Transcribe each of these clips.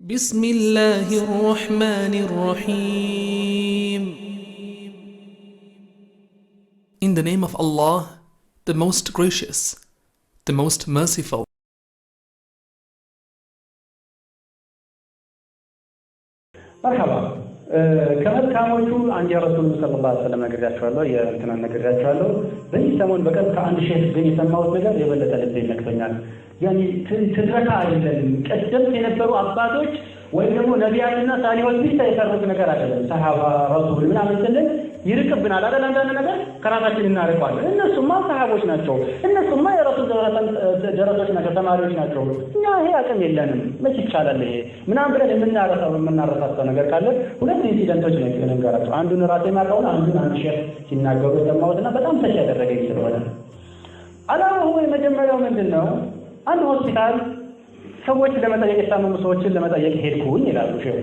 بسم الله الرحمن الرحيم In the name of Allah, the most gracious, the most merciful. مرحبا ከመልካሞቹ አንድ የረሱል ሰለላሁ ዐለይሂ ወሰለም ነግሬያቸዋለሁ፣ የእንትናን ነግሬያቸዋለሁ። በዚህ ሰሞን በቀን ከአንድ ሼህ ግን የሰማሁት ነገር የበለጠ ልብ ይነክተኛል። ያኒ ትረካ አይደለም ቀደምት የነበሩ አባቶች ወይም ደግሞ ነቢያትና ሳሊሆች ብቻ የሰሩት ነገር አይደለም። ሰሃባ ረሱል ምናምን ስልን ይርቅብናል አይደል? አንዳንድ ነገር ከራሳችን እናርቀዋለን። እነሱማ ሰሃቦች ናቸው፣ እነሱማ የረሱል ደረሶች ናቸው፣ ተማሪዎች ናቸው። እኛ ይሄ አቅም የለንም፣ መች ይቻላል ይሄ ምናምን ብለን የምናረሳው የምናረሳሳው ነገር ካለ ሁለት ኢንሲደንቶች ነ ነገራቸው። አንዱን ራሴ ማቀውን አንዱን አንድ ሼህ ሲናገሩ ሰማሁትና በጣም ተች ያደረገኝ ስለሆነ አላማው የመጀመሪያው ምንድን ነው? አንድ ሆስፒታል ሰዎች ለመጠየቅ የታመሙ ሰዎችን ለመጠየቅ ሄድኩኝ ይላሉ ሼሁ።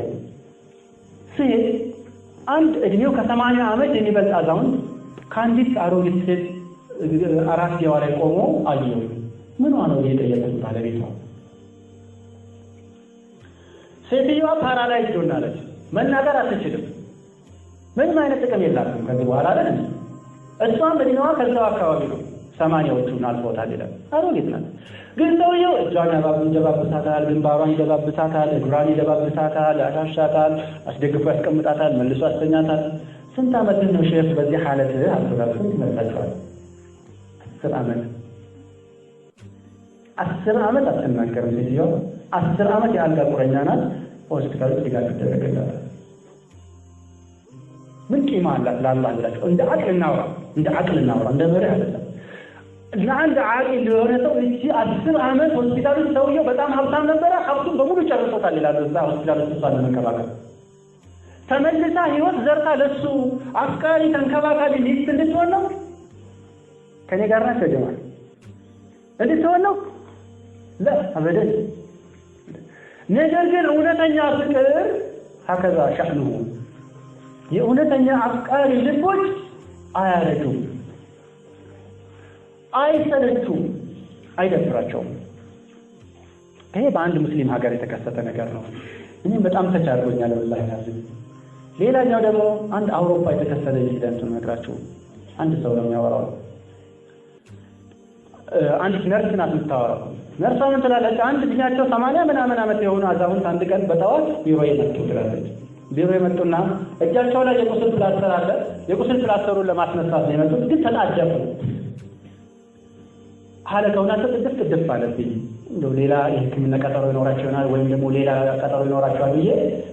ስሄድ አንድ እድሜው ከሰማንያ ዓመት የሚበልጥ አዛውንት ከአንዲት አሮጊት ሴት አራት ጌዋ ላይ ቆሞ አየው። ምኗ ነው የጠየቁት ባለቤቷ። ነው። ሴትዮዋ ፓራላይዝ ሆናለች፣ መናገር አትችልም። ምንም አይነት ጥቅም የላትም ከዚህ በኋላ አለ። እሷም እድሜዋ ከዛው አካባቢ ነው። ሰማንያዎቹን አልፎታል ይላል። አሮጊት ናት። ግን ሰውየው እጇን ይደባብሳታል፣ ግንባሯን ይደባብሳታል፣ እግሯን ይደባብሳታል፣ ያሻሻታል፣ አስደግፎ ያስቀምጣታል፣ መልሶ አስተኛታል። ስንት ዓመት ነው ሼፍ በዚህ ሐለት አልቶላል? ስንት ይመስላችኋል? አስር ዓመት አስር ዓመት አትናገርም ሴትዮዋ። አስር ዓመት የአልጋ ቁረኛ ናት። ሆስፒታል ውስጥ ድጋፍ ይደረግላታል። ምን ቂማ አላት? ላላ ላቸው እንደ አቅል እናውራ፣ እንደ አቅል እናውራ፣ እንደ መሪ አይደለም ለአንድ አቂል የሆነ ሰው እቺ አስር አመት ሆስፒታሉ ሰውየው በጣም ሀብታም ነበረ። ሀብቱን በሙሉ ጨርሶታል ይላሉ። እዛ ሆስፒታሉ ውስጥ እሷን ለመንከባከብ ተመልሳ ህይወት ዘርታ ለሱ አፍቃሪ ተንከባካቢ ሚስት እንድትሆን ነው። ከኔ ጋር ናቸው ጀማል እንድትሆን ነው። ለአበደን ነገር ግን እውነተኛ ፍቅር ሀከዛ ሻዕኑ የእውነተኛ አፍቃሪ ልቦች አያረጁም። አይሰለቹም፣ አይደብራቸውም። ይሄ በአንድ ሙስሊም ሀገር የተከሰተ ነገር ነው። እኔም በጣም ተች አድርጎኛል። ወላሂ ላዚም። ሌላኛው ደግሞ አንድ አውሮፓ የተከሰተ ኢንሲደንቱን እነግራችሁ። አንድ ሰው ነው የሚያወራው። አንዲት ነርስ ናት የምታወራው። ነርሷ ምን ትላለች? አንድ ልጃቸው ሰማንያ ምናምን ዓመት የሆኑ አዛውንት አንድ ቀን በጠዋት ቢሮ የመጡ ትላለች። ቢሮ የመጡና እጃቸው ላይ የቁስል ፕላስተር አለ። የቁስል ፕላስተሩን ለማስነሳት ነው የመጡት፣ ግን ተጣጀፉ። አለቀውና ትጥፍ ትድፍ አለብኝ። እንደው ሌላ የሕክምና ቀጠሮ ይኖራቸው ይሆናል ወይም ደግሞ ሌላ ቀጠሮ ይኖራቸዋል ብዬ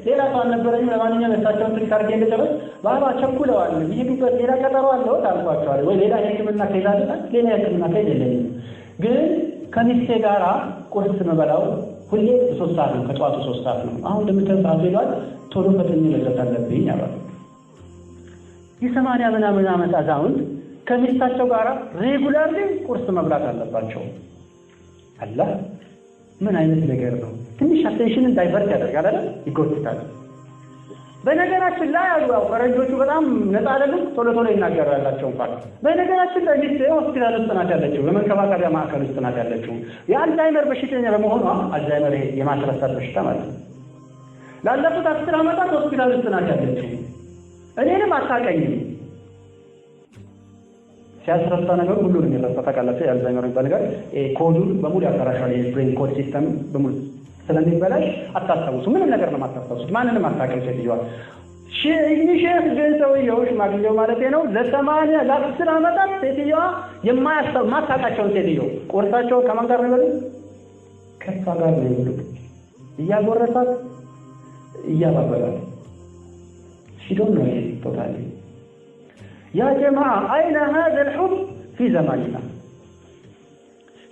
ሌላ ሰው አልነበረኝ። ለማንኛውም የእሳቸውን ትንሽ አድርጌ እንደጨረስ ባባ ቸኩለዋል። ይሄዱበት ሌላ ቀጠሮ አለው አልኳቸዋል። ወይ ሌላ የሕክምና ከይዛ ሌላ የሕክምና ከይዝ የለኝም። ግን ከሚስቴ ጋራ ቁርስ መበላው ሁሌ ሶስት ሰዓት ነው፣ ከጠዋቱ ሶስት ሰዓት ነው። አሁን እንደምትል ሰዓቱ ይለዋል። ቶሎ ፈጥኜ መድረስ አለብኝ አሏል። የሰማንያ ምናምን ዓመት አዛውንት ከሚስታቸው ጋር ሬጉላርሊ ቁርስ መብላት አለባቸው። አላ ምን አይነት ነገር ነው? ትንሽ አቴንሽንን ዳይቨርት ያደርጋል አይደል? ይጎትታል። በነገራችን ላይ አሉ ያው ፈረንጆቹ በጣም ነፃ አይደለም፣ ቶሎ ቶሎ ይናገራላቸው። እንኳን በነገራችን ላይ ሚስት ሆስፒታል ውስጥ ናት ያለችው፣ በመንከባከቢያ ማዕከል ውስጥ ናት ያለችው የአልዛይመር በሽተኛ በመሆኗ አልዛይመር የማስረሳት በሽታ ማለት ነው። ላለፉት አስር ዓመታት ሆስፒታል ውስጥ ናት ያለችው። እኔንም አታቀኝም ሲያስረሳ ነገር ሁሉ የሚረሳ ታውቃላችሁ። የአልዛይመር የሚባል ነገር ኮዱን በሙሉ ያበላሻል። የብሬን ኮድ ሲስተም በሙሉ ስለሚበላሽ አታስታውሱ። ምንም ነገር ነው የማታስታውሱት። ማንንም አታውቅም ሴትዮዋ ሼፍ ግን ሰውየው ሽማግሌው ማለት ነው። ለሰማንያ ለአስር ዓመታት ሴትዮዋ የማያስታው ማታውቃቸውን ሴትዮ ቁርሳቸውን ከማን ጋር ነው ይበሉ? ከእሷ ጋር ነው ይበሉ። እያጎረሳት እያባበላት ሲዶን ነው ይሄ ቶታሊ ያ ጀማዓ አይነ ሀዘል ሑብ ፊ ዘማኒና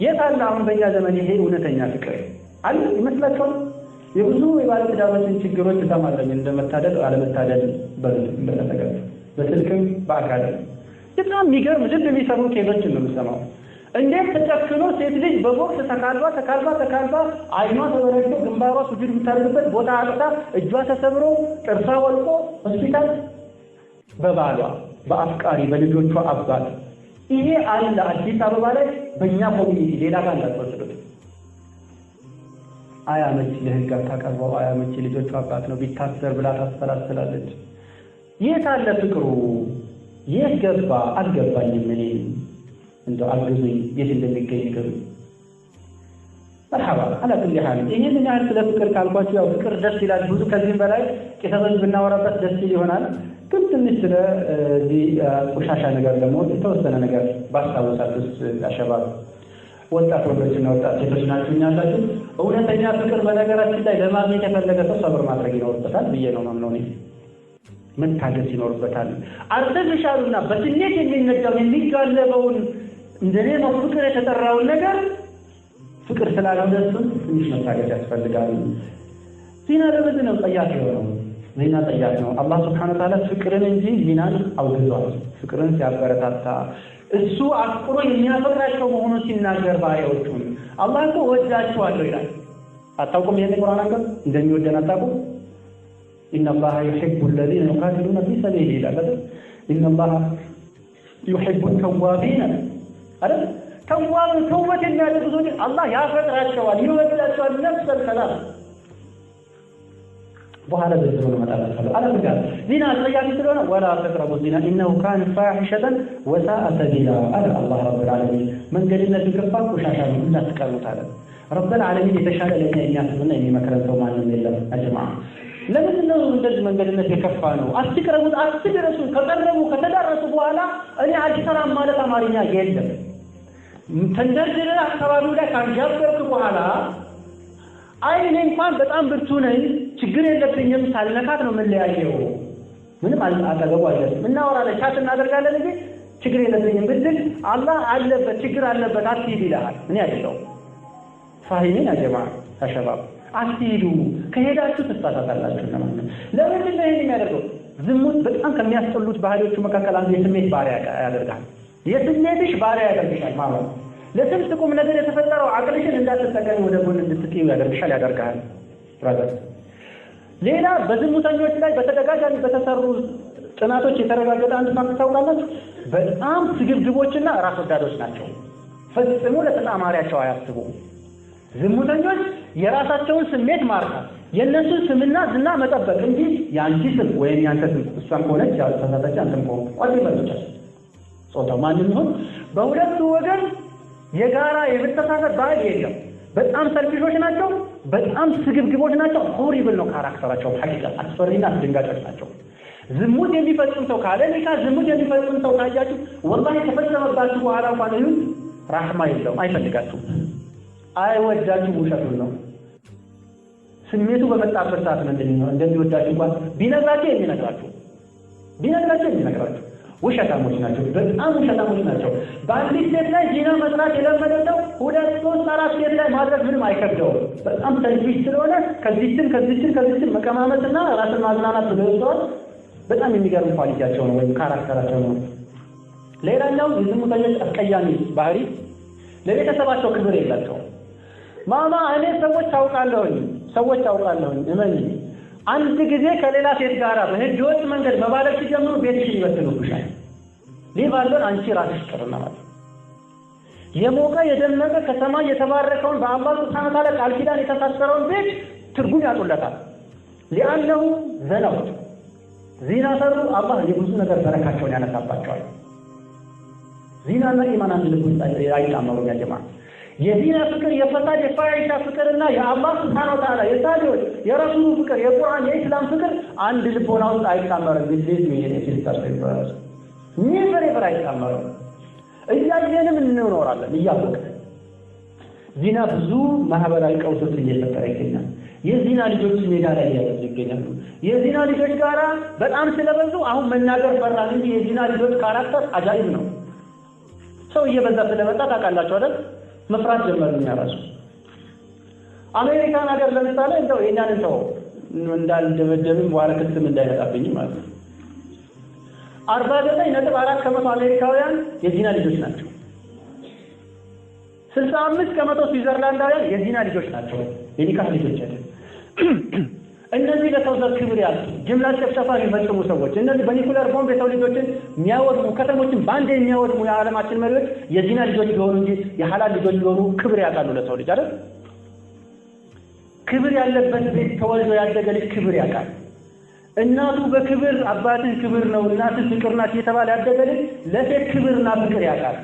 የት አለ? አሁን በእኛ ዘመን ይሄ እውነተኛ ፍቅር አለ ይመስላችኋል? የብዙ የባለትዳሮችን ችግሮች እሰማለሁ። እንደመታደል አለመታደል በተነገር በስልክም በአካል በጣም የሚገርም ልብ የሚሰሩ ኬዞችን ነው የምሰማው። እንዴት ተጨክኖ ሴት ልጅ በቦክስ ተካልባ ተካልባ ተካልባ አይኗ ተበረዶ ግንባሯ ሱጁድ የምታደርግበት ቦታ አቅታ እጇ ተሰብሮ ጥርሷ ወልቆ ሆስፒታል በባሏ በአፍቃሪ በልጆቿ አባት ይሄ አለ። አዲስ አበባ ላይ በእኛ ኮሚኒቲ ሌላ ጋር እንዳትወስዱት። አያመች ለህግ አታቀርበው፣ አያመች ልጆቿ አባት ነው ቢታሰር ብላ ታሰላስላለች። የት አለ ፍቅሩ? የት ገባ? አልገባኝም። እኔ እንደ አግዙኝ፣ የት እንደሚገኝ ገብኝ መርሓባ አላክል ሓል ይህንን ያህል ስለ ፍቅር ካልኳችሁ ያው ፍቅር ደስ ይላል። ብዙ ከዚህም በላይ ቄሰቶች ብናወራበት ደስ ይሆናል። ግን ትንሽ ስለ ቆሻሻ ነገር ደግሞ የተወሰነ ነገር ባስታወሳችሁ አሸባብ ወጣት ወንዶችና ወጣት ሴቶች ናችሁ ያላችሁ። እውነተኛ ፍቅር በነገራችን ላይ ለማግኘት የፈለገ ሰው ሰብር ማድረግ ይኖርበታል ብዬ ነው ማምነው። መታገስ ይኖርበታል። አርተፊሻሉና በስሜት የሚነዳውን የሚጋለበውን እንደኔ ነው ፍቅር የተጠራውን ነገር ፍቅር ስላልሆነ እሱን ትንሽ መታገስ ያስፈልጋል። ዜና ለምንድን ነው ጠያፍ የሆነው? ዜና ጠያፍ ነው። አላህ ስብሐነ ወተዓላ ፍቅርን እንጂ ዜናን አውግዟል። ፍቅርን ሲያበረታታ እሱ አፍቅሮ የሚያፈቅራቸው መሆኑን ሲናገር ባሪያዎቹን አላህ እኮ ወዳቸዋለሁ ይላል። አታውቁም? ይህን ቁርአን አንቀጽ እንደሚወደን አታውቁም? ኢነላሃ ዩሒቡ ለዚነ ዩቃትሉነ ፊ ሰቢሊሂ ይላል አይደል? ኢነላሃ ዩሒቡ ተዋቢነ አይደል? ተዋብ ተውበት የሚያደርጉ ሰዎች አላህ ያፈጥራቸዋል፣ ይወዳቸዋል። ነፍሰል ሰላም በኋላ በዚህ ነው መጣ ተሰለ ጋር ዚና አስጠያፊ ስለሆነ ወላ ተቅረቡ ዚና ኢነሁ ካን ፋሒሸተን ወሳአ ሰቢላ አለ አላህ ረብ ዓለሚን። መንገድነት የገባ ቆሻሻ ነው እንዳትቀሩት አለ ረብል ዓለሚን። የተሻለ ለኛ የሚያስብና የሚመክረን ሰው ማንም የለም። አጅማ ለምንድን ነው እንደዚህ መንገድነት የከፋ ነው? አትቅረቡት፣ አትድረሱ። ከቀረቡ ከተዳረሱ በኋላ እኔ አልሰራም ማለት አማርኛ የለም። ተንደርድረ አካባቢው ላይ ካንዣበብክ በኋላ አይ እኔ እንኳን በጣም ብርቱ ነኝ ችግር የለብኝም ሳልነካት ነው የምንለያየው፣ ምንም አጠገቡ አለን እናወራለን፣ ቻት እናደርጋለን እንጂ ችግር የለብኝም ብትል አላህ አለበት ችግር አለበት አትሂድ ይልሃል። እኔ አይደለው ፋሂሚን ያጀማ ተሸባብ አትሂዱ፣ ከሄዳችሁ ትሳሳታላችሁ ለማለት ነው። ለምንድን ነው ይህን የሚያደርገው? ዝሙት በጣም ከሚያስጠሉት ባህሪዎቹ መካከል አንዱ የስሜት ባህሪ ያደርጋል። የስሜትሽ ባሪያ ያደርግሻል ማለት ነው። ቁም ነገር የተፈጠረው አቅልሽን እንዳትጠቀሚ ወደ ጎን እንድትጥዩ ያደርግሻል፣ ያደርግሃል። ብራዘር፣ ሌላ በዝሙተኞች ላይ በተደጋጋሚ በተሰሩ ጥናቶች የተረጋገጠ አንድ ፋክት ታውቃላችሁ? በጣም ስግብግቦችና ራስ ወዳዶች ናቸው። ፈጽሞ ለተጣማሪያቸው አያስቡም። ዝሙተኞች የራሳቸውን ስሜት ማርካት፣ የእነሱ ስምና ዝና መጠበቅ እንጂ የአንቺ ስም ወይም ያንተ ስም እሷም ከሆነች ያሳሳተች አንተም ከሆነ ቋ ጾታው ማንም ይሁን በሁለቱ ወገን የጋራ የመተሳሰብ ባህል የለም። በጣም ሰርፊሾች ናቸው። በጣም ስግብግቦች ናቸው። ሆሪብል ነው ካራክተራቸው። ሀቂቃ አስፈሪና አስደንጋጮች ናቸው። ዝሙት የሚፈጽም ሰው ካለ ኒካ ዝሙት የሚፈጽም ሰው ካያችሁ ወላሂ ከፈጸመባችሁ በኋላ እንኳን ይሁን ራህማ የለውም። አይፈልጋችሁም፣ አይወዳችሁም። ውሸቱን ነው። ስሜቱ በመጣበት ሰዓት ነው እንደሚወዳችሁ እንኳን ቢነግራችሁ የሚነግራችሁ ቢነግራችሁ የሚነግራችሁ ውሸታሞች ናቸው። በጣም ውሸታሞች ናቸው። በአንዲት ሴት ላይ ዜና መስራት የለመደ ሰው ሁለት ሶስት አራት ሴት ላይ ማድረግ ምንም አይከብደውም። በጣም ተልቢት ስለሆነ ከዚችን ከዚችን ከዚችን መቀማመጥና ራስን ማዝናናት ተደርሰዋል። በጣም የሚገርም ኳሊቲያቸው ነው ወይም ካራክተራቸው ነው። ሌላኛው የዝሙተኞች አስቀያሚ ባህሪ ለቤተሰባቸው ክብር የላቸውም። ማማ እኔ ሰዎች አውቃለሁኝ ሰዎች አውቃለሁኝ እመኝ አንድ ጊዜ ከሌላ ሴት ጋር በህገ ወጥ መንገድ መባለግ ሲጀምሩ ቤትሽን ይበትኑብሻል። ሊባለን አንቺ ራስሽ ቅርና ማለት የሞቀ የደመቀ ከሰማይ የተባረከውን በአላህ ሱብሓነሁ ወተዓላ ቃል ኪዳን የተሳሰረውን ቤት ትርጉም ያጡለታል። ሊአነሁ ዘነው ዚና ሰሩ አላህ የብዙ ነገር በረካቸውን ያነሳባቸዋል። ዚናና ኢማን አንድ ልብ አይጣመሩም። ያጀማ የዲና ፍቅር፣ የፈሳድ የፋይሻ ፍቅርና የአላህ ስብሓን ወተዓላ የሳሌዎች የረሱሉ ፍቅር፣ የቁርአን የኢስላም ፍቅር አንድ ልቦና ውስጥ አይጣመርም። ግዴት ሚሄድ የፊል ይባላል። አይጣመርም። እያየንም እንኖራለን እያወቅን ዚና ብዙ ማህበራዊ ቀውሶች እየፈጠረ ይገኛል። የዚና ልጆች ሜዳ ላይ እያደረሱ ይገኛሉ። የዚና ልጆች ጋራ በጣም ስለበዙ አሁን መናገር ፈራን እንጂ የዚና ልጆች ካራክተር አጃይብ ነው። ሰው እየበዛ ስለመጣ ታውቃላችሁ አይደል? መፍራት ጀመር። እኛ ራሱ አሜሪካን ሀገር ለምሳሌ እንደው የእኛን ሰው እንዳልደበደብም በኋላ ክስም እንዳይመጣብኝ ማለት ነው። አርባ ዘጠኝ ነጥብ አራት ከመቶ አሜሪካውያን የዚና ልጆች ናቸው። ስልሳ አምስት ከመቶ ስዊዘርላንዳውያን የዚና ልጆች ናቸው፣ የኒካህ ልጆች አይደል እነዚህ ለሰው ዘር ክብር ያሉ ጅምላ ጭፍጨፋ የሚፈጽሙ ሰዎች፣ እነዚህ በኒኩለር ቦምብ የሰው ልጆችን የሚያወድሙ ከተሞችን በአንድ የሚያወድሙ የዓለማችን መሪዎች የዚና ልጆች ሊሆኑ እንጂ የሐላል ልጆች ሊሆኑ ክብር ያውቃሉ። ለሰው ልጅ አይደል? ክብር ያለበት ቤት ተወልዶ ያደገ ልጅ ክብር ያውቃል። እናቱ በክብር አባትን ክብር ነው እናትን ፍቅር ናት እየተባለ ያደገ ልጅ ለሴት ክብርና ፍቅር ያውቃል።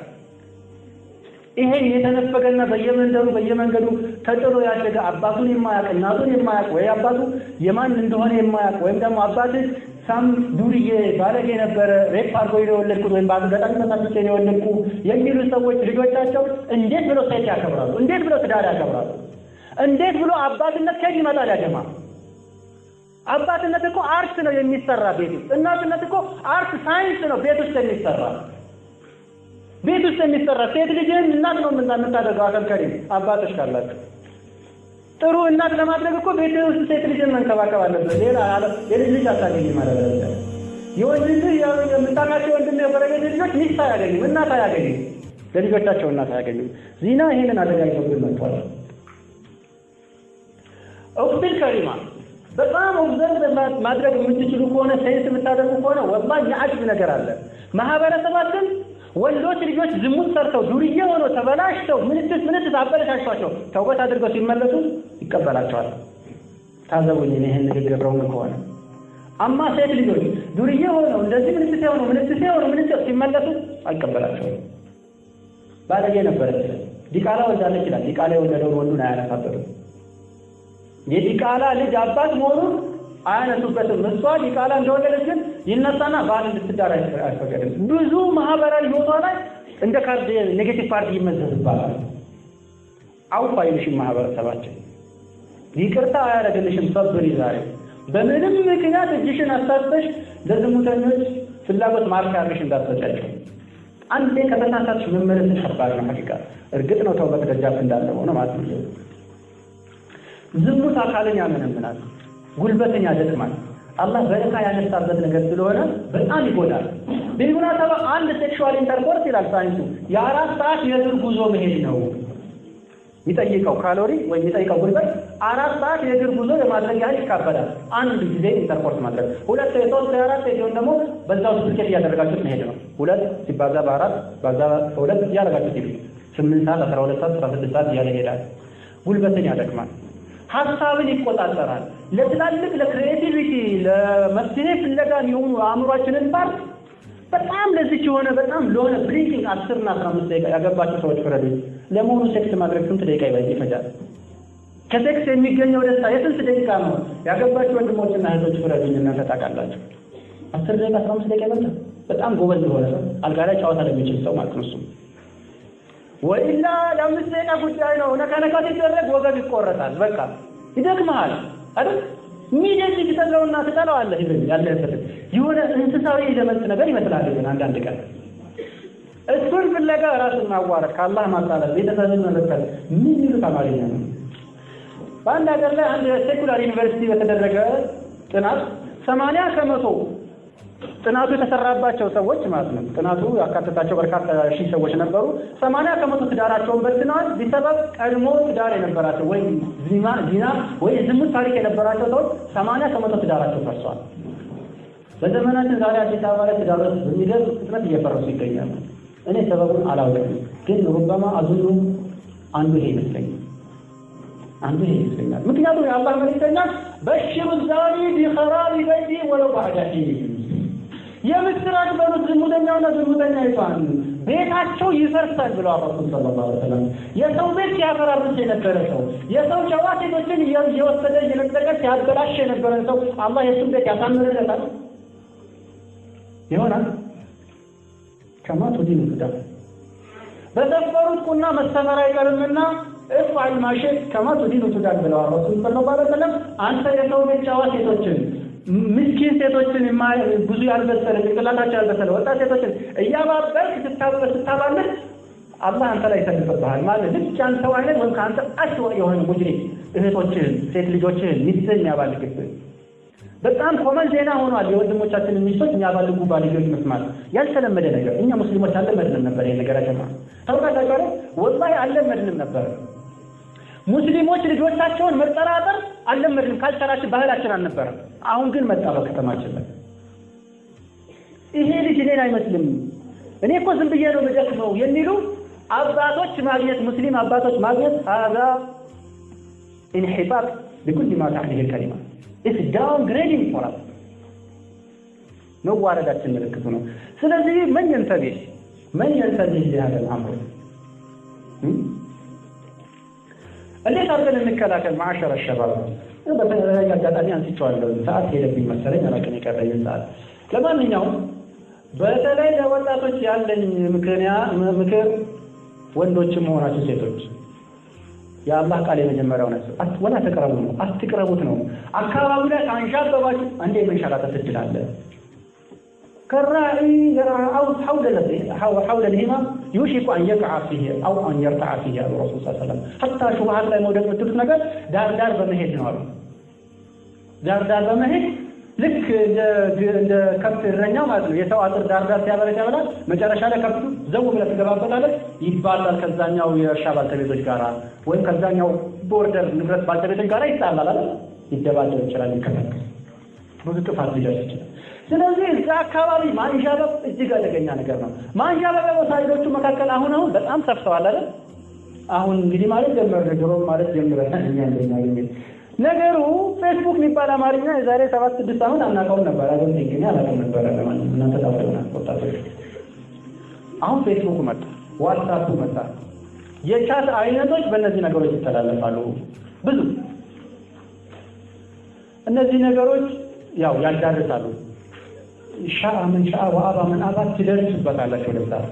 ይሄ የተነፈገና በየመንደሩ በየመንገዱ ተጥሎ ያደገ አባቱን የማያውቅ እናቱን የማያውቅ ወይ አባቱ የማን እንደሆነ የማያውቅ ወይም ደግሞ አባትህ ሳም ዱርዬ ባለጌ ነበረ ሬፕ አድርጎ የወለድኩት ወይም በአጋጣሚ ተሳስቼ የወለድኩ የሚሉ ሰዎች ልጆቻቸው እንዴት ብሎ ሴት ያከብራሉ? እንዴት ብሎ ትዳር ያከብራሉ? እንዴት ብሎ አባትነት ከየት ይመጣል? ያደማ አባትነት እኮ አርት ነው የሚሰራ ቤት ውስጥ። እናትነት እኮ አርት ሳይንስ ነው ቤት ውስጥ የሚሰራ ቤት ውስጥ የሚሰራ ሴት ልጅህን እናት ነው የምታደርገው። አከልካሪ አባቶች ካላችሁ ጥሩ እናት ለማድረግ እኮ ቤት ውስጥ ሴት ልጅን መንከባከብ አለበት። ሌላ የልጅ ልጅ አታገኝ ማለት ነው። የወንድ ልጅ የምታውቃቸው ወንድም የጎረቤት ልጆች ሚስት አያገኙም፣ እናት አያገኙም፣ ለልጆቻቸው እናት አያገኙም። ዚና ይሄንን አደጋ ይሰብል መጥቷል። ኡክቱል ከሪማ በጣም ኦብዘርቭ ማድረግ የምትችሉ ከሆነ ሳይንስ የምታደርጉ ከሆነ ወላ የአጅብ ነገር አለ ማህበረሰባችን ወንዶች ልጆች ዝሙት ሰርተው ዱርዬ ሆኖ ተበላሽተው ምንትስ ምንትስ አበለሻሻቸው ተውበት አድርገው ሲመለሱ ይቀበላቸዋል። ታዘቡኝ፣ ይህን ንግግር ረውን ከሆነ አማ ሴት ልጆች ዱርዬ ሆነው እንደዚህ ምንትሴ ሆኖ ምንትሴ ሆኖ ምንት ሲመለሱ አይቀበላቸውም። ባለጌ ነበረች፣ ዲቃላ ወልዳለች ይላል። ዲቃላ የወለደውን ወንዱን አያነሳበትም። የዲቃላ ልጅ አባት መሆኑን አያነሱበትም። እሷ ዲቃላ እንደወለደች ግን ይነሳና ባል እንድትዳር አይፈቀድም። ብዙ ማህበራዊ ህይወቷ ላይ እንደ ካርድ ኔጌቲቭ ፓርቲ ይመዘዝባታል። አውፍ አይልሽም ማህበረሰባችን፣ ይቅርታ አያደርግልሽም። ሰብሪ ዛሬ በምንም ምክንያት እጅሽን አሳተሽ ለዝሙተኞች ፍላጎት ማርካያሽ እንዳትሰጫቸው። አንዴ ከተሳሳትሽ መመለስ ከባድ ነው። ሀቂቃ እርግጥ ነው ተውበት ደጃፍ እንዳለ ሆነ ማለት ነው። ዝሙት አካልን ያመነምናል። ጉልበትን ያደጥማል። አላህ በረካ ያነሳበት ነገር ስለሆነ በጣም ይጎዳል። በሙናሰባ አንድ ሴክሹዋል ኢንተርኮርስ ይላል ሳይንሱ የአራት ሰዓት የእግር ጉዞ መሄድ ነው የሚጠይቀው ካሎሪ ወይም የሚጠይቀው ጉልበት አራት ሰዓት የእግር ጉዞ የማድረግ ያህል ይካበዳል። አንድ ጊዜ ኢንተርኮርስ ማድረግ ሁለት የሶስት የአራት ሲሆን ደግሞ በዛ ውስጥ ስኬት እያደረጋችሁት መሄድ ነው። ሁለት ሲባዛ በአራት ባዛ በሁለት እያደረጋችሁት ሄዱ ስምንት ሰዓት አስራ ሁለት ሰዓት አስራ ስድስት ሰዓት እያለ ይሄዳል። ጉልበትን ያደክማል። ሀሳብን ይቆጣጠራል። ለትላልቅ ለክሬቲቪቲ ለመፍትሄ ፍለጋ የሆኑ አእምሯችንን ፓርት በጣም ለዚች የሆነ በጣም ለሆነ ብሪንኪንግ አስርና አስራ አምስት ደቂቃ ያገባቸው ሰዎች ፍረዱ። ለመሆኑ ሴክስ ማድረግ ስንት ደቂቃ ይበ ይፈጃል? ከሴክስ የሚገኘው ደስታ የስንት ደቂቃ ነው? ያገባቸው ወንድሞችና እህቶች ፍረዱኝ። እናንተ ታውቃላችሁ። አስር ደቂቃ አስራ አምስት ደቂቃ ይበልጣል። በጣም ጎበዝ የሆነ ሰው አልጋ ላይ ጨዋታ ለሚችል ሰው ማለት ነው እሱ ወይላ የአምስት ጉዳይ ነው። ነካነካ ሲደረግ ወገብ ይቆረጣል። በቃ ይደክመሃል አይደል? ሚደስ የሚደልግ ተለውና ትጠላዋለህ። ያለህበት የሆነ እንስሳዊ የደመት ነገር ይመስላል። ግን አንዳንድ ቀን እሱን ፍለጋ ራስን ማዋረድ፣ ከአላህ ማጣላት፣ ቤተሰብን መለከል ምን ይሉ አማርኛ ነው። በአንድ ሀገር ላይ አንድ ሴኩላር ዩኒቨርሲቲ በተደረገ ጥናት ሰማንያ ከመቶ ጥናቱ የተሰራባቸው ሰዎች ማለት ነው። ጥናቱ ያካተታቸው በርካታ ሺህ ሰዎች ነበሩ። ሰማንያ ከመቶ ትዳራቸውን በትነዋል። ቢሰበብ ቀድሞ ትዳር የነበራቸው ወይም ዚማ ዚና ወይ ዝሙት ታሪክ የነበራቸው ሰዎች ሰማንያ ከመቶ ትዳራቸው ፈርሷል። በዘመናችን ዛሬ አዲስ አበባ ላይ ትዳር በሚገርም ፍጥነት እየፈረሱ ይገኛሉ። እኔ ሰበቡን አላውቅም፣ ግን ሩበማ አዙኑ አንዱ ይሄ ይመስለኛል አንዱ ይሄ ይመስለኛል። ምክንያቱም የአላህ መልክተኛ በሽሩ ዛኒ ቢኸራቢ በይቲ ወለው ባዕደ ሒን የምስራቅ በሉት ዝሙተኛውና ዝሙተኛ ይቷል ቤታቸው ይፈርሳል ብለው አባቱን ሰለላሁ ላ ወሰለም የሰው ቤት ሲያፈራርስ የነበረ ሰው የሰው ጨዋ ሴቶችን እየወሰደ እየነጠቀ ሲያበላሽ የነበረ ሰው አላህ የእሱን ቤት ያሳምርለታል ይሆናል። ከማ ቱዲኑ ፍዳ በሰፈሩት ቁና መሰመር አይቀርምና እፍ ማሸእ ከማ ቱዲኑ ፍዳ ብለው ረሱል ሰለላሁ ላ ወሰለም አንተ የሰው ቤት ጨዋ ሴቶችን ምስኪን ሴቶችን ብዙ ያልበሰለ ጭንቅላታቸው ያልበሰለ ወጣት ሴቶችን እያባበር ስታባለት አላህ አንተ ላይ ይሰልፍብሃል። ማለት ልክ ያንተው አይነት ወይም ከአንተ አሽ የሆነ ሙጅሪ እህቶችህን፣ ሴት ልጆችህን፣ ሚስትህን የሚያባልግብህ በጣም ኮመን ዜና ሆኗል። የወንድሞቻችን ሚስቶች የሚያባልጉ ባልጆች መስማት ያልተለመደ ነገር። እኛ ሙስሊሞች አልለመድንም ነበር ይሄ ነገር አጀማ ታውቃላችሁ። ወላሂ አልለመድንም ነበር። ሙስሊሞች ልጆቻቸውን መጠራጠር አልለመድንም። ካልቻላችን ባህላችን አልነበረም። አሁን ግን መጣ በከተማችን ላይ። ይሄ ልጅ እኔን አይመስልም፣ እኔ እኮ ዝም ብዬ ነው የምደክመው የሚሉ አባቶች ማግኘት ሙስሊም አባቶች ማግኘት ሀዛ ኢንሒጣጥ ሊኩል ማ ተሕሊህ ከሊማ ኢስ ዳውን ግሬዲንግ ፎር መዋረዳችን ምልክቱ ነው። ስለዚህ መን የንተቤሽ መን የንተቤሽ ሊሃደ ልአምር እንዴት አድርገን እንከላከል? ማዕሸረ ሸባብ በተለያዩ አጋጣሚ አንስቼዋለሁ። ሰዓት ሄደብኝ መሰለኝ አላውቅም፣ የቀረኝን ሰዓት። ለማንኛውም በተለይ ለወጣቶች ያለኝ ምክንያ ምክር ወንዶችም መሆናችሁ ሴቶች የአላህ ቃል የመጀመሪያው ነው። ወላ ተቅረቡ ነው አትቅረቡት ነው። አካባቢ ላይ አንሻበባችሁ አንዴ መንሸራተት እድል አለ ከራኢ የራአው ሐውለ ሐውለ ልሂማ ዩሽኩ አን የቅዓ ፊህ አው አን ፊህ አሉ ረሱል ስ ሰለም ሀታ ሹብሃት ላይ መውደቅ የምትሉት ነገር ዳር ዳር በመሄድ ነው አሉ። ዳር ዳር በመሄድ ልክ እንደ ከብት እረኛ ማለት ነው። የሰው አጥር ዳር ዳር ሲያበረች ያበላል። መጨረሻ ላይ ከብቱ ዘው ብለህ ትገባበታለህ፣ ይባላል ከዛኛው የእርሻ ባልተቤቶች ጋራ ወይም ከዛኛው ቦርደር ንብረት ባልተቤቶች ጋራ ይጣላል፣ ይደባደብ ይችላል፣ ይከላል፣ ብዙ ጥፋት ሊደርስ ይችላል። ስለዚህ እዛ አካባቢ ማንዣበብ እጅግ አደገኛ ነገር ነው። ማንዣበብ በሳይዶቹ መካከል አሁን አሁን በጣም ሰፍተዋል አይደል? አሁን እንግዲህ ማለት ጀመረ ድሮ ማለት ጀምረናል እኛ እንደኛ የሚል ነገሩ ፌስቡክ የሚባል አማርኛ የዛሬ ሰባት ስድስት አመት አናውቀውም ነበር። አሁን እንግዲህ አላውቀውም ነበር ለማለት እናንተ ታውቁና ወጣቶች። አሁን ፌስቡክ መጣ፣ ዋትሳፕ መጣ። የቻት አይነቶች በእነዚህ ነገሮች ይተላለፋሉ ብዙ እነዚህ ነገሮች ያው ያዳርሳሉ። ሻአ ምን ሻአ ወአባ ምን አባ ትደርሱበታላችሁ። ለምሳሌ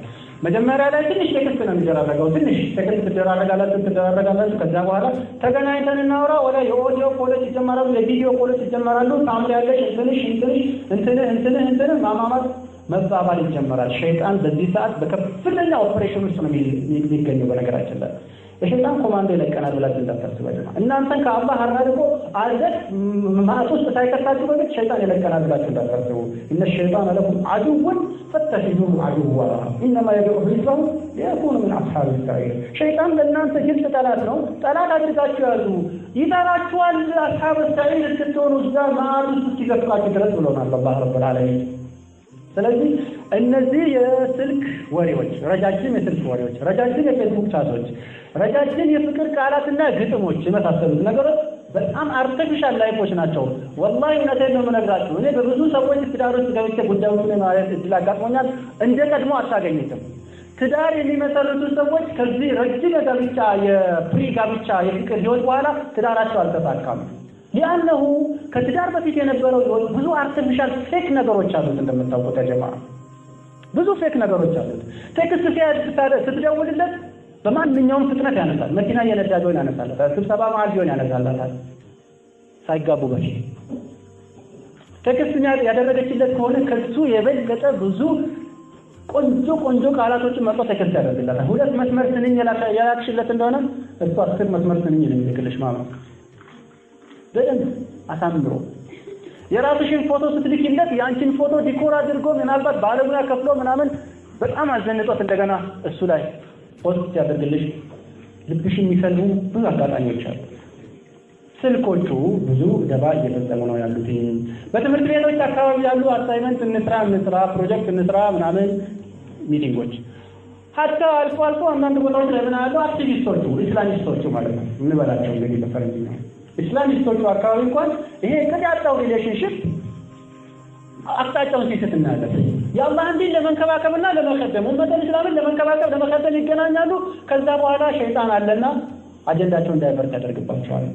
መጀመሪያ ላይ ትንሽ ትክክል ነው የሚደራረገው። ትንሽ ትክክል ትደራረጋላችሁ ትደራረጋላችሁ። ከዛ በኋላ ተገናኝተን እናውራ። ወደ የኦዲዮ ኮሌጅ ይጀመራሉ፣ የቪዲዮ ኮሌጅ ይጀመራሉ። ታምር ያለሽ እንትንሽ እንትንሽ እንትንህ እንትንህ እንትንህ ማማማት መባባል ይጀመራል። ሸይጣን በዚህ ሰዓት በከፍተኛ ኦፕሬሽን ውስጥ ነው የሚገኘው በነገራችን ላይ በሸይጣን ኮማንዶ ይለቀናል ቀናል ብላችሁ እንዳታስቡ አይደለም። እናንተን ከአላህ አራርቆ አዘት ማዕት ውስጥ ሳይከታችሁ በፊት ሸይጣን ይለቀናል ብላችሁ እንዳታስቡ። እነ ሸይጣን ለኩም አድውን ፈተሽዙ አድዋ ኢነማ የድዑ ሂዝበሁ ሊየኩኑ ምን አስሓብ ሳዒር። ሸይጣን ለእናንተ ግልጽ ጠላት ነው። ጠላት አድርጋችሁ ያዙ። ይጠራችኋል አስሓብ ሳይል እስክትሆኑ እዛ ማዕት ውስጥ ሲገፋችሁ ድረስ ብሎናል አላህ ረብል ዓለሚን ስለዚህ እነዚህ የስልክ ወሬዎች፣ ረጃጅም የስልክ ወሬዎች፣ ረጃጅም የፌስቡክ ቻቶች፣ ረጃጅም የፍቅር ቃላትና ግጥሞች የመሳሰሉት ነገሮች በጣም አርቲፊሻል ላይፎች ናቸው። ወላሂ እውነቴን ነው የምነግራችሁ። እኔ በብዙ ሰዎች ትዳሮች ገብቼ ጉዳዮችን የማየት እድል አጋጥሞኛል። እንደ ቀድሞ አታገኝትም። ትዳር የሚመሰርቱ ሰዎች ከዚህ ረጅም የጋብቻ የፕሪ ጋብቻ የፍቅር ህይወት በኋላ ትዳራቸው አልተሳካም። ሊአነሁ ከትዳር በፊት የነበረው ህይወት ብዙ አርቲፊሻል ፌክ ነገሮች አሉት። እንደምታውቁት ተጀማ ብዙ ፌክ ነገሮች አሉት። ቴክስት ስትደውልለት በማንኛውም ፍጥነት ያነሳል። መኪና እየነዳ ቢሆን ያነሳለታል። ስብሰባ መሀል ቢሆን ያነሳላታል። ሳይጋቡ በፊት ቴክስት ያደረገችለት ከሆነ ከሱ የበለጠ ብዙ ቆንጆ ቆንጆ ቃላቶችን መጥቶ ቴክስት ያደርግላታል። ሁለት መስመር ስንኝ የላክሽለት እንደሆነ እሱ አስር መስመር ስንኝ ልሚልክልሽ ማለት ነው። በደንብ አሳምሮ የራስሽን ፎቶ ስትልኪለት የአንቺን ፎቶ ዲኮር አድርጎ ምናልባት ባለሙያ ከፍሎ ምናምን በጣም አዘንጦት እንደገና እሱ ላይ ፖስት ሲያደርግልሽ ልብሽ የሚፈልጉ ብዙ አጋጣሚዎች አሉ። ስልኮቹ ብዙ ደባ እየፈጸሙ ነው ያሉት። በትምህርት ቤቶች አካባቢ ያሉ አሳይመንት እንስራ እንስራ፣ ፕሮጀክት እንስራ ምናምን ሚቲንጎች ሀታ አልፎ አልፎ አንዳንድ ቦታዎች ለምን ምን አሉ አክቲቪስቶቹ ኢስላሚስቶቹ ማለት ነው እንበላቸው እንግዲህ በፈረንጅኛው ኢስላሚስቶቹ አካባቢ እንኳን ይሄ ከዳጣው ሪሌሽንሽፕ አቅጣጫውን ሲስት እናያለን። የአላህን ዲን ለመንከባከብና ለመከደም ኡመተል ኢስላምን ለመንከባከብ ለመከደም ይገናኛሉ። ከዛ በኋላ ሸይጣን አለና አጀንዳቸውን እንዳይፈርጥ ያደርግባቸዋል።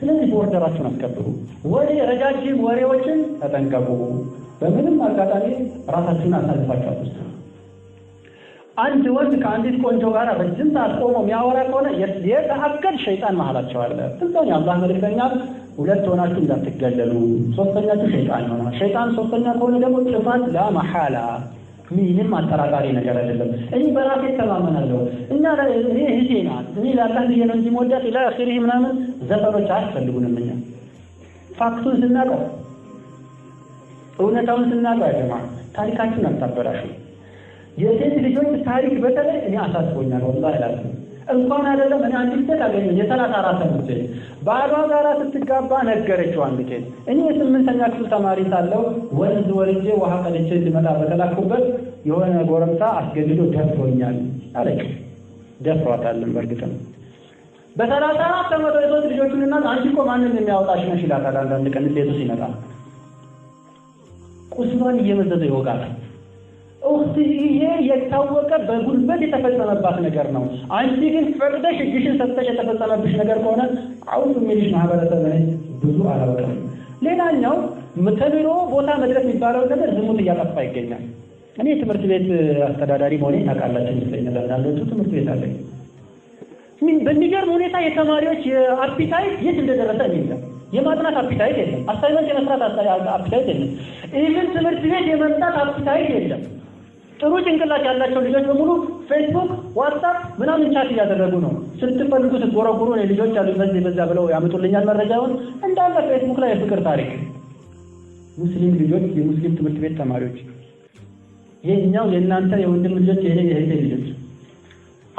ስለዚህ ቦርደራችሁን አስከብሩ። ወደ ረጃጅም ወሬዎችን ተጠንቀቁ። በምንም አጋጣሚ ራሳችሁን አሳልፋችሁ አትስጡ። አንድ ወንድ ከአንዲት ቆንጆ ጋር በጅም ሰዓት ቆሞ የሚያወራ ከሆነ የተአገድ ሸይጣን መሀላቸው አለ። እዛው አላህ መልክተኛ ሁለት ሆናችሁ እንዳትገለሉ፣ ሶስተኛችሁ ሸይጣን ይሆናል። ሸይጣን ሶስተኛ ከሆነ ደግሞ ጥፋት ላመሐላ ምንም አጠራጣሪ ነገር አይደለም። እኔ በራሴ ተማመናለሁ እኛ እኔ ህዜ ናት እኔ ለአላህ ልዬ ነው እንጂ መወዳት ኢላ አኺሪ ምናምን ዘፈኖች አያስፈልጉንም። እኛ ፋክቱን ስናቀው እውነታውን ስናቀው ያጀማ ታሪካችን አታበላሹ። የሴት ልጆች ታሪክ በተለይ እኔ አሳስቦኛል። ወላ ላሉ እንኳን አይደለም እኔ አንዲት ሴት አገኘኝ የሰላሳ አራት ዓመት ሴት ባሏ ጋር ስትጋባ ነገረችው። አንድ ሴት እኔ የስምንተኛ ክፍል ተማሪ ሳለው ወንዝ ወርጄ ውሃ ቀድቼ ልመጣ በተላኩበት የሆነ ጎረምሳ አስገድዶ ደፍሮኛል አለች። ደፍሯታለን በእርግጥም በሰላሳ አራት ዓመቷ የሶስት ልጆቹን እናት አንቺ እኮ ማንም የሚያወጣሽ ነሽ ይላታል። አንዳንድ ቀን ሴቱ ሲመጣ ቁስሏን እየመዘዘ ይወጋታል። ኡክትዬ የታወቀ በጉልበት የተፈጸመባት ነገር ነው። አንቺ ግን ፈርደሽ እጅሽን ሰጥተሽ የተፈጸመብሽ ነገር ከሆነ አውፍ የሚልሽ ማህበረሰብ ላይ ብዙ አላውቅም። ሌላኛው ከቢሮ ቦታ መድረስ የሚባለው ነገር ዝሙት እያጠፋ ይገኛል። እኔ ትምህርት ቤት አስተዳዳሪ መሆኔ ታውቃላችሁ ይመስለኛል። አንዳንዶቹ ትምህርት ቤት አለኝ። በሚገርም ሁኔታ የተማሪዎች የአፒታይት የት እንደደረሰ የለም። የማጥናት አፒታይት የለም። አሳይመንት የመስራት አፒታይት የለም። ኢቭን ትምህርት ቤት የመምጣት አፒታይት የለም። ጥሩ ጭንቅላት ያላቸው ልጆች በሙሉ ፌስቡክ፣ ዋትሳፕ ምናምን ቻት እያደረጉ ነው። ስትፈልጉ ስትጎረጉሩ ልጆች ያሉ በዚህ በዛ ብለው ያመጡልኛል መረጃውን እንዳለ ፌስቡክ ላይ የፍቅር ታሪክ ሙስሊም ልጆች የሙስሊም ትምህርት ቤት ተማሪዎች ይህኛው የእናንተ የወንድም ልጆች ይሄ የእህቴ ልጆች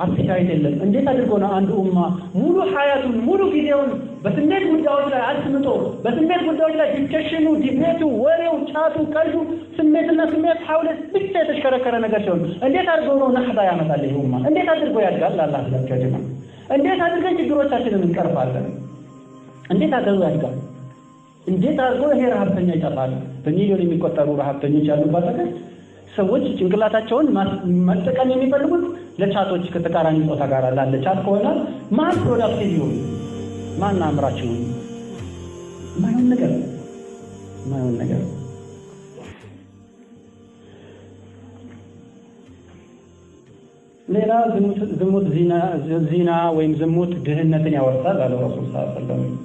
አስተያየት የለም። እንዴት አድርጎ ነው አንድ ኡማ ሙሉ ሀያቱን ሙሉ ጊዜውን በስሜት ጉዳዮች ላይ አስምቶ በስሜት ጉዳዮች ላይ ዲስከሽኑ፣ ዲቤቱ፣ ወሬው፣ ጫቱ፣ ቀልዱ ስሜትና ስሜት ሀውለ ብቻ የተሽከረከረ ነገር ሲሆን እንዴት አድርጎ ነው ነህዳ ያመጣል? ይሁማ እንዴት አድርጎ ያድጋል? ላላ ነው። እንዴት አድርገን ችግሮቻችንን እንቀርፋለን? እንዴት አድርጎ ያድጋል? እንዴት አድርጎ ይሄ ረሀብተኛ ይጠፋል? በሚሊዮን የሚቆጠሩ ረሀብተኞች ያሉባት ሀገር ሰዎች ጭንቅላታቸውን መጠቀም የሚፈልጉት ለቻቶች ከተቃራኒ ጾታ ጋር ላለ ቻት ከሆነ ማን ፕሮዳክቲቭ ይሆኑ ما نامراچون ما يون نگر ما يون نگر ليلا زموت زموت زينا زينا وين زموت دهنة يا ورثة رسول الله صلى الله عليه وسلم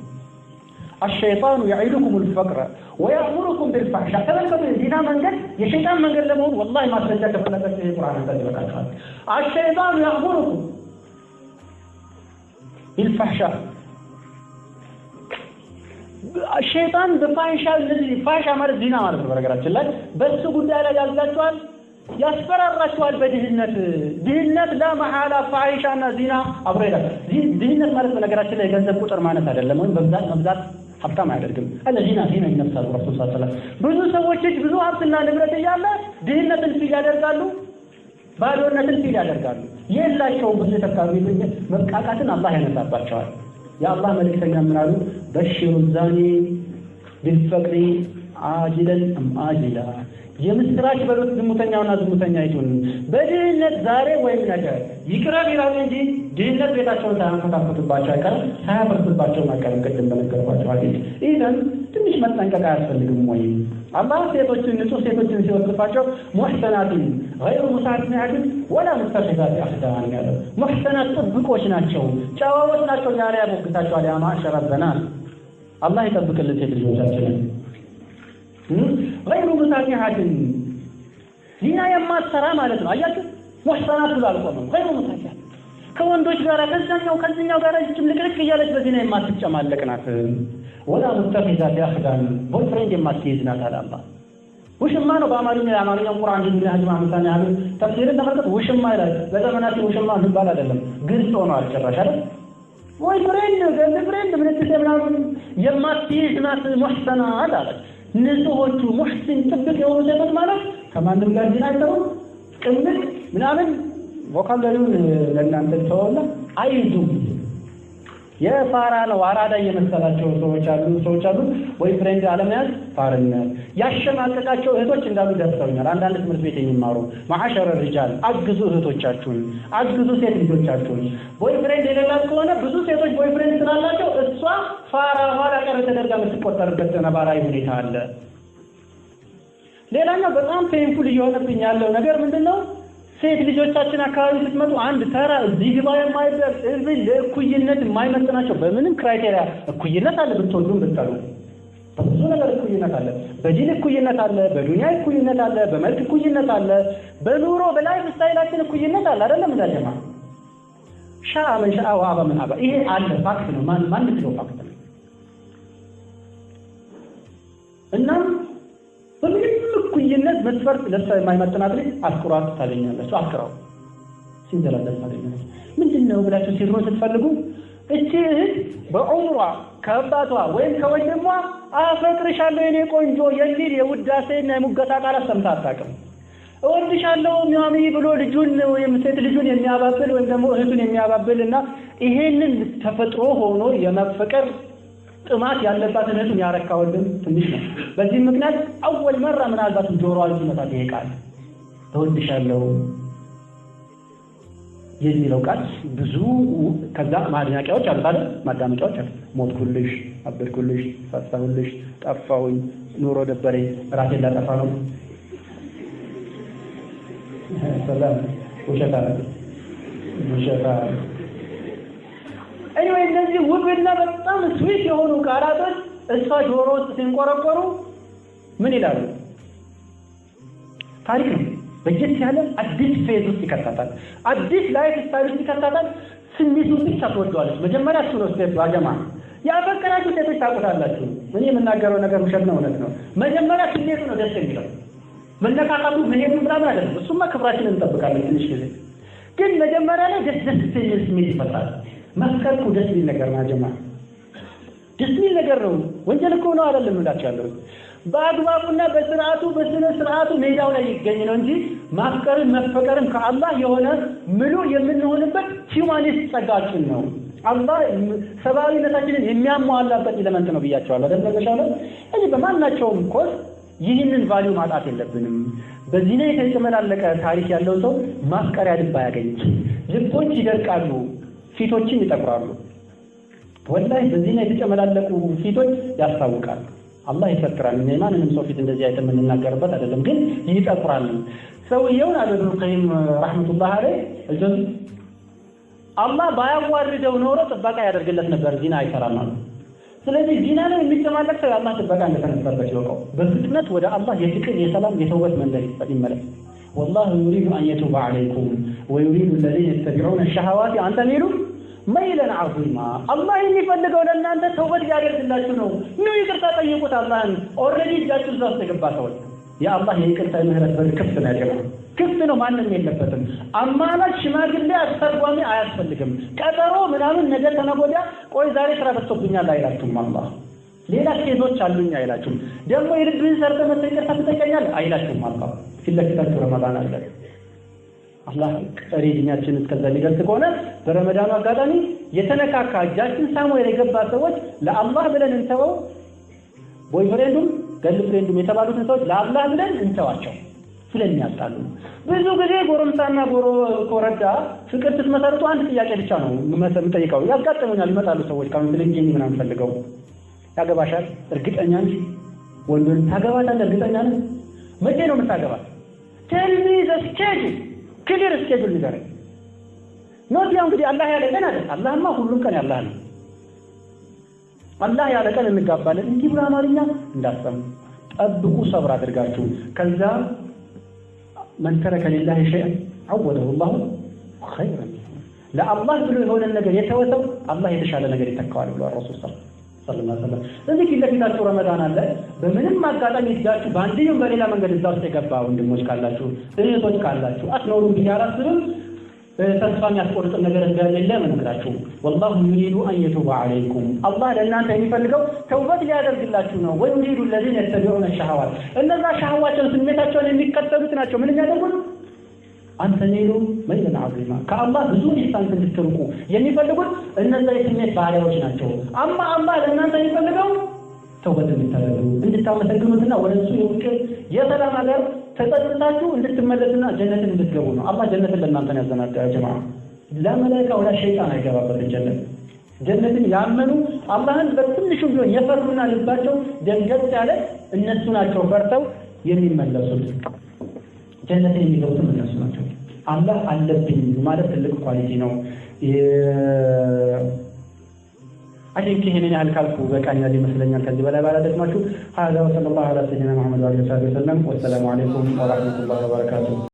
الشيطان يعيدكم الفقر ويأمركم بالفحشاء تذكر الزنا من قد يا من قد لمون والله ما تنجدك فلا في القرآن الشيطان يأمركم بالفحشاء ሸይጣን በፋንሻ እነዚህ ፋንሻ ማለት ዚና ማለት ነው። በነገራችን ላይ በሱ ጉዳይ ላይ ያዝላችኋል፣ ያስፈራራችኋል በድህነት ድህነት ለመሐላ ፋንሻ እና ዚና አብሮ ይላል። ድህነት ማለት በነገራችን ላይ የገንዘብ ቁጥር ማለት አይደለም፣ ወይም በብዛት መብዛት ሀብታም አያደርግም። አለዚና ዚና ረሱል ስ ብዙ ሰዎች ብዙ ሀብትና ንብረት እያለ ድህነትን ፊል ያደርጋሉ፣ ባዶነትን ፊል ያደርጋሉ። የላቸውም ብዙ መቃቃትን አላህ ያነሳባቸዋል። የአላህ መልእክተኛ ምናሉ በሽሩ ዛኒ ቢልፈቅሪ አጅለን እም አጅላ የምስራች በሉት ዝሙተኛውና ዝሙተኛ ይሁን በድህነት ዛሬ ወይም ነገ ይቅረብ ይላል እንጂ ድህነት ቤታቸውን ሳያንኮታኮትባቸው አይቀርም፣ ሳያፈርስባቸው አይቀርም። ቅድም በነገርኳቸው ሐዲስ ይህን ትንሽ መጠንቀቅ አያስፈልግም ወይ? አላህ ሴቶችን ንጹህ ሴቶችን ሲወስድባቸው ሙሕሰናትን ገይሩ ሙሳኒያትን ወላ ሙተኺዛት አኽዳን ያለው ሙሕሰናት ጥብቆች ናቸው፣ ጨዋዎች ናቸው። ዛሬ ያሞግታቸዋል ያማዕሸረ በናት አላህ ይጠብቅልን ሴት ልጆቻችንን። ገይሩ ሙሳኪሓትን ዚና የማትሰራ ማለት ነው። አያችሁ ሙሕሰናት ብሎ አልቆመም። ገይሩ ሙሳኪሓት ከወንዶች ጋር ከዛኛው ከዚኛው ጋር እጅም ልቅልቅ እያለች በዚና የማትጨማለቅ ናት። ወላ ሙተኺዛት አኽዳን ቦይፍሬንድ የማትይዝ ናት አለ ውሽማ ነው በአማርኛ የአማርኛው ቁርአን ጅምሪ ሀጅማ ምሳሌ ያህል ተፍሲርን ተመልከት። ውሽማ ይላል። በዘመናችን ውሽማ የሚባል አይደለም፣ ግልጽ ሆኗል ጭራሽ አይደል ወይ ፍሬንድ ገንድ ፍሬንድ ምን ትደብራሉ የማትሄድ ናት ሙሕሰናት አለ። ንጹሆቹ ሙሕሲን ጥብቅ የሆኑ ዘመን ማለት ከማንም ጋር ዚና አይሰሩም። ቅምጥ ምናምን ቮካብላሪውን ለእናንተ ተወላ አይዙም የፋራ ነው አራዳ እየመሰላቸው ሰዎች አሉ ሰዎች አሉ ወይ ፍሬንድ አለመያዝ ፋርነት ያሸማቀቃቸው እህቶች እንዳሉ ደርሰውኛል። አንዳንድ ትምህርት ቤት የሚማሩ ማሐሸረ ሪጃል አግዙ እህቶቻችሁን፣ አግዙ ሴት ልጆቻችሁን። ቦይ ፍሬንድ የሌላት ከሆነ ብዙ ሴቶች ቦይ ፍሬንድ ስላላቸው እሷ ፋራ ኋላ ቀር ተደርጋ የምትቆጠርበት ነባራዊ ሁኔታ አለ። ሌላኛው በጣም ፔንፉል እየሆነብኝ ያለው ነገር ምንድን ነው? ሴት ልጆቻችን አካባቢ ስትመጡ አንድ ተራ እዚህ ግባ የማይባል እዚ ለእኩይነት የማይመጥናቸው በምንም ክራይቴሪያ እኩይነት አለ። ብትወዱም ብትጠሉ በብዙ ነገር እኩይነት አለ። በዲን እኩይነት አለ። በዱንያ እኩይነት አለ። በመልክ እኩይነት አለ። በኑሮ በላይፍ ስታይላችን እኩይነት አለ። አይደለም እንዳጀማ ሻአ ምን ሻአ ዋአባ ምን አባ። ይሄ አለ፣ ፋክት ነው። ማን ማን ፋክት ነው እና በምንም እኩይነት መስፈርት ለእሷ የማይመጥናት ልጅ አፍቅሯት ታገኛለች። አስክራው ሲንዘላለት ታገኛለች። ምንድን ነው ብላችሁ ሴትሮች ስትፈልጉ እቺ እህት በዑምሯ ከአባቷ ወይም ከወንድሟ አፈቅርሻለሁ የኔ ቆንጆ የሚል የውዳሴና የሙገታ ቃል ሰምታ አታውቅም። እወድሻለሁ ሚያሚ ብሎ ልጁን ወይም ሴት ልጁን የሚያባብል ወይም ደግሞ እህቱን የሚያባብል እና ይሄንን ተፈጥሮ ሆኖ የመፈቀር ጥማት ያለባት እህቱን ያረካውልን ትንሽ ነው። በዚህ ምክንያት አወል መራ ምናልባት ጆሮ ሲመጣ ይመጣል። ይሄ ተወድሻለሁ የሚለው ቃል ብዙ ከዛ ማድናቂያዎች አሉት አይደል? ማዳመቂያዎች አሉት። ሞትኩልሽ፣ አበድኩልሽ፣ ሳሳሁልሽ፣ ጠፋውኝ፣ ኑሮ ደበሬ፣ ራሴ እንዳጠፋ ነው። ሰላም ውሸታ ውሸታ እኔወይ እነዚህ ውብና በጣም ስዊት የሆኑ ቃላቶች እሷ ጆሮ ውስጥ ሲንቆረቆሩ ምን ይላሉ? ታሪክ ነው። በጀት ያለ አዲስ ፌዝ ውስጥ ይከታታል። አዲስ ላይፍ ስታይል ውስጥ ይከታታል። ስሜቱ ብቻ ትወደዋለች። መጀመሪያ እሱ ነው ስቴፕ አጀማ ያፈቀራችሁ ሴቶች ታውቁታላችሁ። እኔ የምናገረው ነገር ውሸት ነው እውነት ነው። መጀመሪያ ስሜቱ ነው ደስ የሚለው መነካካቱ፣ መሄዱ ምናምን አይደለም። እሱማ ክብራችንን እንጠብቃለን። ትንሽ ጊዜ ግን መጀመሪያ ላይ ደስ ደስ የሚል ስሜት ይፈጥራል። መስቀል እኮ ደስ የሚል ነገር ነው። ጀማ ደስ የሚል ነገር ነው። ወንጀል እኮ ነው አይደለም እንላቸው ያለው በአግባቡና በስርዓቱ በስነ ስርዓቱ ሜዳው ላይ ይገኝ ነው እንጂ ማፍቀርን መፈቀርን ከአላህ የሆነ ምሉ የምንሆንበት ሂውማኒስት ጸጋችን ነው። አላህ ሰብአዊነታችንን የሚያሟላበት ኢለመንት ነው ብያቸዋለሁ። ደስ መገሻለ እዚህ በማናቸውም ኮስ ይህንን ቫሊዩ ማጣት የለብንም። በዚህ ላይ የተጨመላለቀ ታሪክ ያለው ሰው ማፍቀሪያ ልብ አያገኝ። ልቦች ይደርቃሉ። ፊቶችን ይጠቁራሉ። ወላሂ በዚህ ላይ የተጨመላለቁ ፊቶች ያስታውቃሉ። አላህ ይፈጥራል። እኔ ማንንም ሰው ፊት እንደዚህ አይተን የምንናገርበት አይደለም፣ ግን ይጠቁራል። ሰውየውን አለ ኢብኑል ቀይም ረሕመቱላህ አለይህ እጆን አላህ ባያዋርደው ኖሮ ጥበቃ ያደርግለት ነበር፣ ዚና አይሰራም አሉ። ስለዚህ ዚና ላይ የሚጨማለቅ ሰው የአላህ ጥበቃ እንደተነሳበት ይወቀው። በፍጥነት ወደ አላህ የፍቅር የሰላም የተውበት መንደር ይመለስ። ወላሁ ዩሪዱ አን የቱበ ዓለይኩም ወዩሪዱ አለዚነ የተቢዑነ ሸሃዋት አንተ ሚሉ መይለን አዚማ አላህ የሚፈልገው ለእናንተ ተውበት ሊያደርግላችሁ ነው። ኑ ይቅርታ ጠይቁት አላህን። ኦልሬዲ እጃችሁ እዛ ውስጥ የገባ ሰዎች የአላህ የይቅርታ ምህረት በር ክፍት ነው ያደረገው ክፍት ነው። ማንም የለበትም። አማላጅ ሽማግሌ፣ አስተርጓሚ አያስፈልግም። ቀጠሮ ምናምን ነገ ተነጎዳ ቆይ ዛሬ ስራ በዝቶብኛል አይላችሁም። አላህ ሌላ ኬዞች አሉኝ አይላችሁም። ደግሞ የልብህን ሰርተህ መተህ ይቅርታ ትጠይቀኛለህ አይላችሁም። አላህ ፊት ለፊታችሁ ረመዳን አለ አላህ ቀሪ እድሜያችን እስከዛ ሊደርስ ከሆነ በረመዳኑ አጋጣሚ የተነካካ እጃችን ሳሙኤል የገባ ሰዎች ለአላህ ብለን እንተወው። ቦይ ፍሬንዱም ገል ፍሬንዱም የተባሉትን ሰዎች ለአላህ ብለን እንተዋቸው፣ ስለሚያጣሉ ብዙ ጊዜ ጎረምሳና ጎሮ ኮረዳ ፍቅር ስትመሰርቱ አንድ ጥያቄ ብቻ ነው የምጠይቀው። ያጋጥሙኛል፣ ይመጣሉ ሰዎች ካውንስሊንግ ምናምን ፈልገው ያገባሻል፣ እርግጠኛ ነሽ? ወንዶን ታገባታለህ፣ እርግጠኛ ነህ? መቼ ነው የምታገባት? ሚ ዘ ስኬጁል ክሊር እስኬጁል ንገረኝ። ኖት ያው እንግዲህ አላህ ያለ ቀን አለ። አላህማ ሁሉም ቀን ያላህ ነው። አላህ ያለ ቀን እንጋባለን እንዲህ ብሎ አማርኛ እንዳትሰሙ ጠብቁ፣ ሰብር አድርጋችሁ ከዛ መን ተረከ ሊላሂ ሸይአን አወደሁ ላሁ ኸይረን ለአላህ ብሎ የሆነ ነገር የተወሰው አላህ የተሻለ ነገር ይተካዋል ብሏል ረሱል ሰለላሁ ሰለላሁ ስለዚህ ፊት ለፊታችሁ ረመዳን አለ። በምንም አጋጣሚ እጃችሁ በአንድም በሌላ መንገድ እዛ ውስጥ የገባ ወንድሞች ካላችሁ እህቶች ካላችሁ አትኖሩ ብዬ አላስብም። ተስፋ የሚያስቆርጥ ነገር እንደሌለ እነግራችሁ ወላሁ ዩሪዱ አን የቱበ ዐለይኩም አላህ ለእናንተ የሚፈልገው ተውበት ሊያደርግላችሁ ነው። ወይም ዩሪዱ ለዚነ የተቢዑነ ሸሃዋት እነዛ ሸሃዋቸውን ስሜታቸውን የሚከተሉት ናቸው ምን የሚያደርጉት አንተኔሩ መይመን ዓዚማ ከአላህ ብዙ ኢህሳን እንድትርቁ የሚፈልጉት እነዛ የስሜት ባህሪያዎች ናቸው። አማ አላህ ለእናንተ የሚፈልገው ተውበት እንድታደርጉ እንድታመሰግኑትና ወደ እሱ የፍቅር የሰላም ሀገር ተጸጥታችሁ እንድትመለሱና ጀነትን እንድትገቡ ነው። አላህ ጀነትን ለእናንተ ያዘናጋ ጀማ ለመላእክት ወደ ሸይጣን አይገባበትም። ጀነት ጀነትን ያመኑ አላህን በትንሹ ቢሆን የፈሩና ልባቸው ደንገጥ ያለ እነሱ ናቸው ፈርተው የሚመለሱት ጀነትን የሚገቡትም እነሱ ናቸው። አላህ አለብኝ ማለት ትልቅ ኳሊቲ ነው። አሽንክ ቲንክ ይሄንን ያህል ካልኩ በቃ በቃኛል ይመስለኛል። ከዚህ በላይ ባላደክማችሁ። ሀዛ ወሰለላሁ ዐላ ሰይድና መሐመድ ወአሊሂ ወሰለም ወሰላሙ አለይኩም ወራህመቱላሂ ወበረካቱሁ።